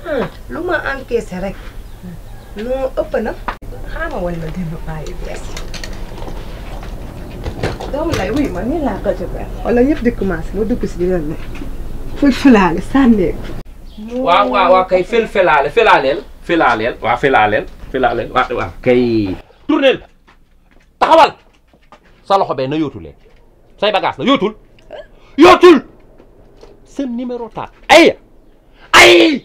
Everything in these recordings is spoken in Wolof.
Hmm. lu ma encaissé rek noo ëpp na xaama woon na démb bees doom lay wuy ma nii laa ko jógee wala ñëpp di commencé ma dugg si di leen ne ful fulaale sànneeku waaw waaw waaw kay fel felaale felaaleel felaaleel waaw felaaleel felaaleel waaw waaw kay tourneel taxawal sa loxo bee na yóotulee say bagage la yóotul yóotul seen numéro taat ay ay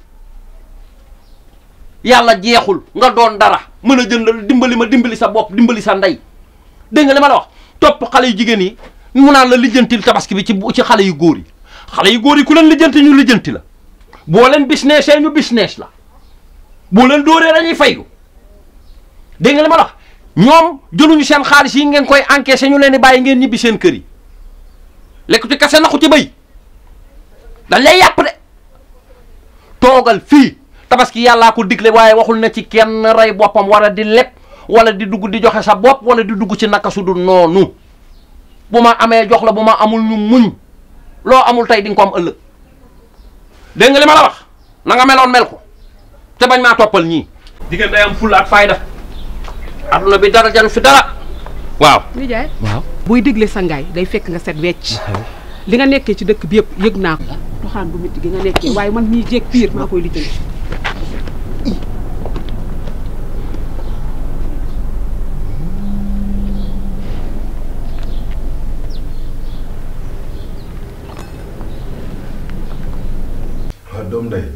yàlla jeexul nga doon dara mën a jëndal dimbali ma dimbali sa bopp dimbali sa ndey dégg nga li ma la wax topp xale yu jigéen yi mu naan la lijjantil tabaski bi ci ci xale yu góor xale yu góor yi ku leen lijjanti ñu lijjanti la boo leen businessee ñu business la boo leen dóoree dañuy fayu dégg nga li ma la wax ñoom jëluñu seen xaalis yi ngeen koy encaissé ñu leen di bàyyi ngeen ñibbi seen kër yi lekku ci kase naxu ci bay dañ lay yàpp de toogal fii tabaski yalla ko diglé waye waxul na ci kenn ray bopam wala di lepp wala di dugg di joxe sa bop wala di dugg ci naka su nonu buma amé jox la buma amul ñu muñ lo amul tay di ngi ko am ëlëk de nga lima la wax na nga meloon mel ko te bañ ma topal ñi diggante day am fulla ak fayda. aduna bi dara jan fi dara. waaw. nijaay waaw. buy diglé sa ngaay day fekk nga set wécc li nga nekké ci dëkk bi yëpp yëg naa ko. doxaan bu metti gi nga nekké mm. waye man mii jéeg pire maa koy lijjanti. ndey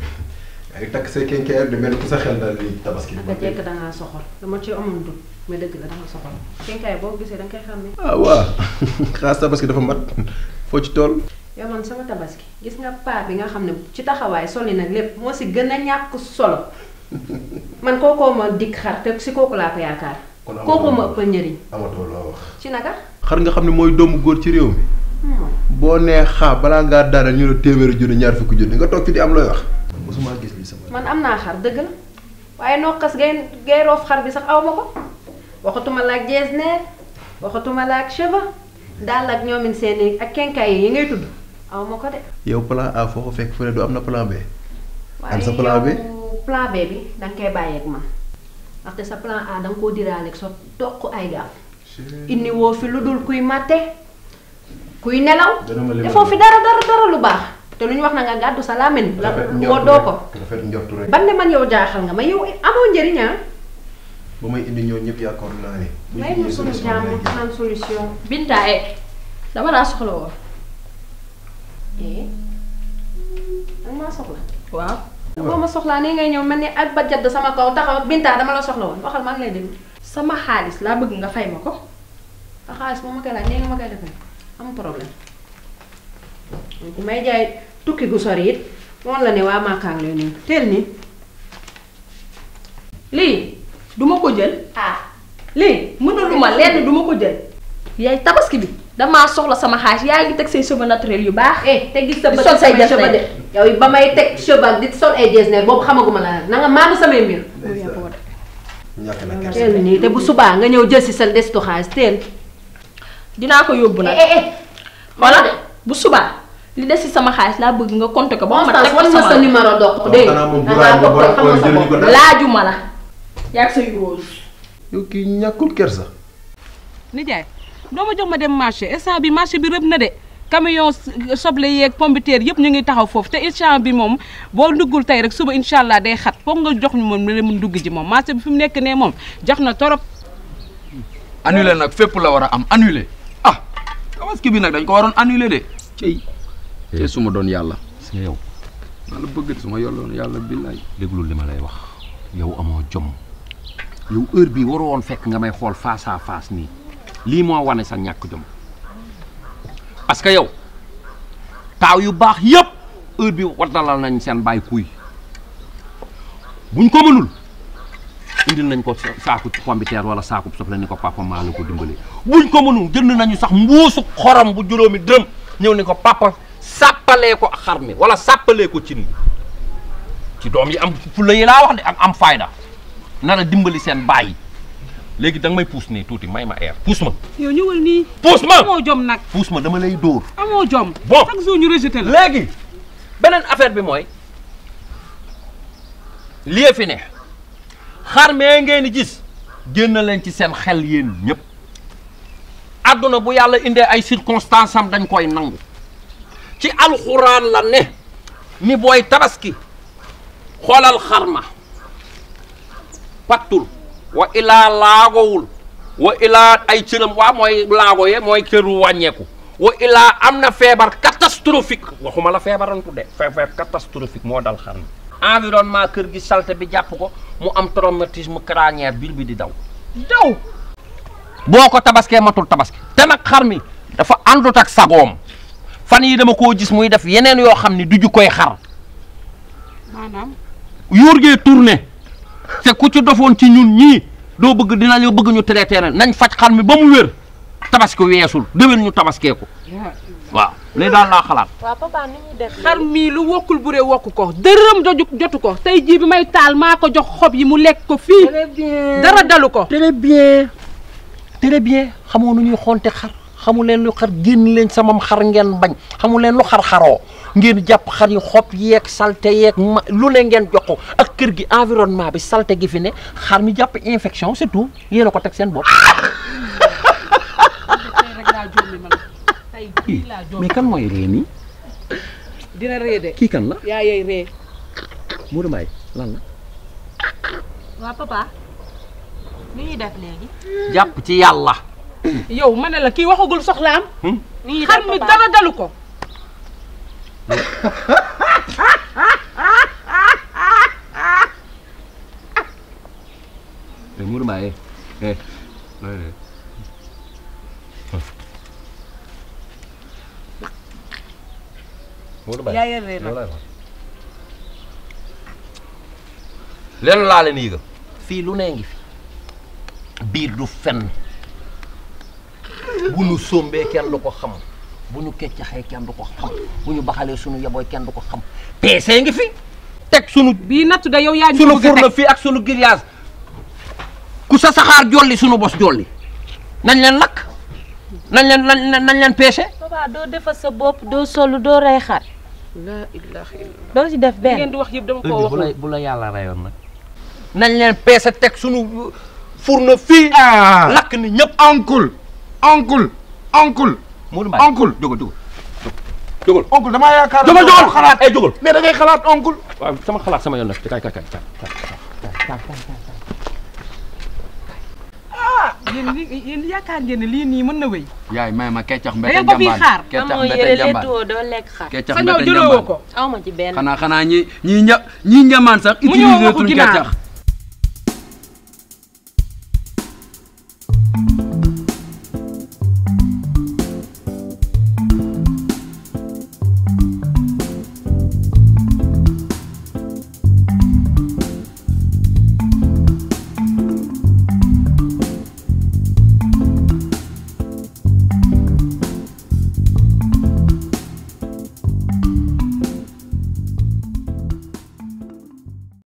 yaa ngi takk say kenkeer di mel sa xel daal di tabaski. ak a jekk da ngaa soxor dama ci amul dugg mais dëgg la da nga soxor kenkaay boo gisee da nga koy ah waaw xaas tabaski dafa mat foo ci tool. yow man sama tabaski gis nga paa bi nga xam ne ci taxawaay soli nag lépp moo si gën a ñàkk solo man kookoo ma dikk xar te si kooku laa ko yaakaar. kon ma ëppal njëriñ. amatoo loo wax. ci naka. xar nga xam ne doomu góor ci réew mi. boo nee xaa balaa ngaa dara ñu ne téeméeri junni ñaar fukki junni nga toog fi di am looy wax. man mosuma gis lii sama. man am naa xar dëgg la waaye noqas gay gay roof xar bi sax aw ma ko waxatuma la ak jeesneer waxatuma la ak cheveux daal ak ñoomin seen ak kenkaay yi ngay tudd aw ma ko de. yow plan A foo ko fekk fu ne du am na plan B. am sa plan B plan B bi da nga koy bàyyeeg man ndaxte sa plan A da nga koo diraaleeg sa toq ay gaaf. inni woo fi lu dul kuy màtte. kuy nelaw defoo ya, fi dara dara dara lu bax te lu wax na nga gaddu sa laamen la woddoo ko ban ne man yow jaaxal nga ma yow amo njeriña ah? bu may indi ñoo ñep yaakaar na ni may ñu sunu jàmm naan solution binta e dama laa soxlo woon eh dama maa soxla waaw boo ma soxlaa ni ngay ñew melni ak ba jadd sama kaw taxaw binta dama la soxlo won waxal ma ngi lay dem sama xaalis la bëgg nga fay mako ko sa xaalis moo ma koy laaj nee nga ma kay defal am problème donc may jaay tukki gu sori it moom la ne waa Makaang lay nuyu teel ni lii du ma ko jël. ah lii mënaluma lenn du ma ko jël. yaay tabaski bi dama soxla sama xaalis yaa ngi teg say cheveux naturel yu baax. eh te gis sa bët sol say cheveux de yow ba may teg cheveux di sol ay designer boobu xamaguma la na nga maanu samay mbir. ñàkk na teel ni te bu subaa nga ñëw jël si sa destu xaalis teel. dinaa ko yóbbu nag. voilà eh, eh, eh. bu subaa li des ci sama xaalis laa bëgg nga compter ko. ba ma teg ko sama numéro dox. dégg nga laajuma la. yaa sa yóoru. yow kii ñàkkul kersa. nijaay doo ma jox ma dem marché instant bi marché bi rëb na de. camion euh, soble yeeg pombiteer yëpp ñu ngi taxaw foofu te instant bi moom boo duggul tey rek suba incha allah day xat foog nga jox ñu moom la dugg ji moom marché bi fi nekk ne moom jox na torop annulé nag fépp la war a am annulé tabaski anu eh. gitu, er bi nak e dañ er ko waron annuler de cey cey suma doon yalla si yow ma la bëgg suma yolloon yalla billahi déglul li ma lay wax yow amo jom yow heure bi waro won fekk nga may xol face à face ni li mo wone sa ñak jom parce que yow taw yu bax yépp heure bi waddalal nañ sen bay kuy buñ ko mënul indil nañ ko saaku pombiteer wala saaku soble ni ko papa malu ko dimbali buñ ko mënu jënd nañu sax mbusu xoram bu juroomi dërëm ñew ni ko papa sapalé ko xarmé wala sapalé ko ni ci doom yi am fulla yi la wax de ak am fayda Nana dimbali sen bàyyi légui dang may pousse ni touti may ma air pousse ma yow ñewal ni pousse ma amo jom nak pousse ma dama lay door amo jom bon chaque jour ñu rejeté la léegi affaire bi moy lié fi ne xar mee ngeen di gis génn leen ci seen xel yéen ñëpp àdduna bu yàlla indee ay circonstances am dañ koy nangu ci alxuraan la ne ni booy tabaski xoolal xar ma pattul wa ilaa laagowul wa ilaa ay cëram waa mooy laago ye mooy këru wàññeeku wa ilaa am na feebar catastrophique waxuma la feebarantu de feebar catastrophique moo dal xar mi environnement kër gi salte bi jàpp ko mu am traumatisme crânien bil bi di daw boo ko tabaskee matul tabaski te nag xar mi dafa àndut ak sagoom fan yi dama koo gis muy def yeneen yoo xam ne du ju koy xar maanaam yuur gee tourné te ku ci dofoon ci ñun ñii doo bëgg dina bëgg ñu traité nañ faj xar mi ba mu wér tabaski weesul déwén ñu tabaskee ko waaw lii daal laa xalaat. waaw papa ni ñuy def xar mii lu wokkul buree wokk ko dërëm doju jotu ko tey jii bi may taal maa ko jox xob yi mu lekk ko fii. dara dalu ko. très bien très xamoo nu ñuy xonte xar xamu leen lu xar génn leen sama xar ngeen bañ xamu leen lu xar-xaroo ngeen jàpp xar yi xob yeeg salte yeeg ma lu ne ngeen jox ko ak kër gi environnement bi salte gi fi ne xar mi jàpp infection surtout yéen a ko teg seen bopp. mais kan mooy ree nii. dina ree kii kan la yaa ree. Modou Mbaye lan la. waa papa ni ñuy def léegi. jàpp ci yàlla. yow ma ne la kii waxagul soxlaam. Hmm? ni xam mi dara dalu ko. Eh, Modou Mbaye eh, eh, eh. yaa yor réer nag leen laa leen fii lu nee ngi fi biir du fenn bu ñu sombee kenn du ko xam bu ñu keccaxee kenn du ko xam bu ñu baxalee sunu yabooy kenn du ko xam peesee ngi fi teg sunu bii natt da yow yaa ñu sunu fourneau fii ak sunu grillage ku sa saxaar jolli sunu bos jolli nañ leen lakk nañ leen nañ leen peese. baba doo defar sa bopp doo solu doo rey xar laa ilaaha illallaah. doo def benn ngeen di wax yëpp dama koo waxul bu la yàlla rayoon nag. nañ leen peese teg sunu fourneau fii. Ah! lakk ni ñëpp. oncle oncle oncle. Modou Mbaye oncle jógal jógal. jógal oncle damaa yaakaar. jógal jógal xalaat ay eh, jógal. mais da ngay xalaat oncle. waaw sama xalaat sama yoon nag kay kay kay yéen li yéen yaakaar ngeen ne lii nii mën na wéy. yaay may ma keccax mbete njambaan ko fi xaar. keccax mbete njambaan doo lekk xaar. keccax mbete njambaan xanaa xanaa ñi ñi ñi njamaan sax. mu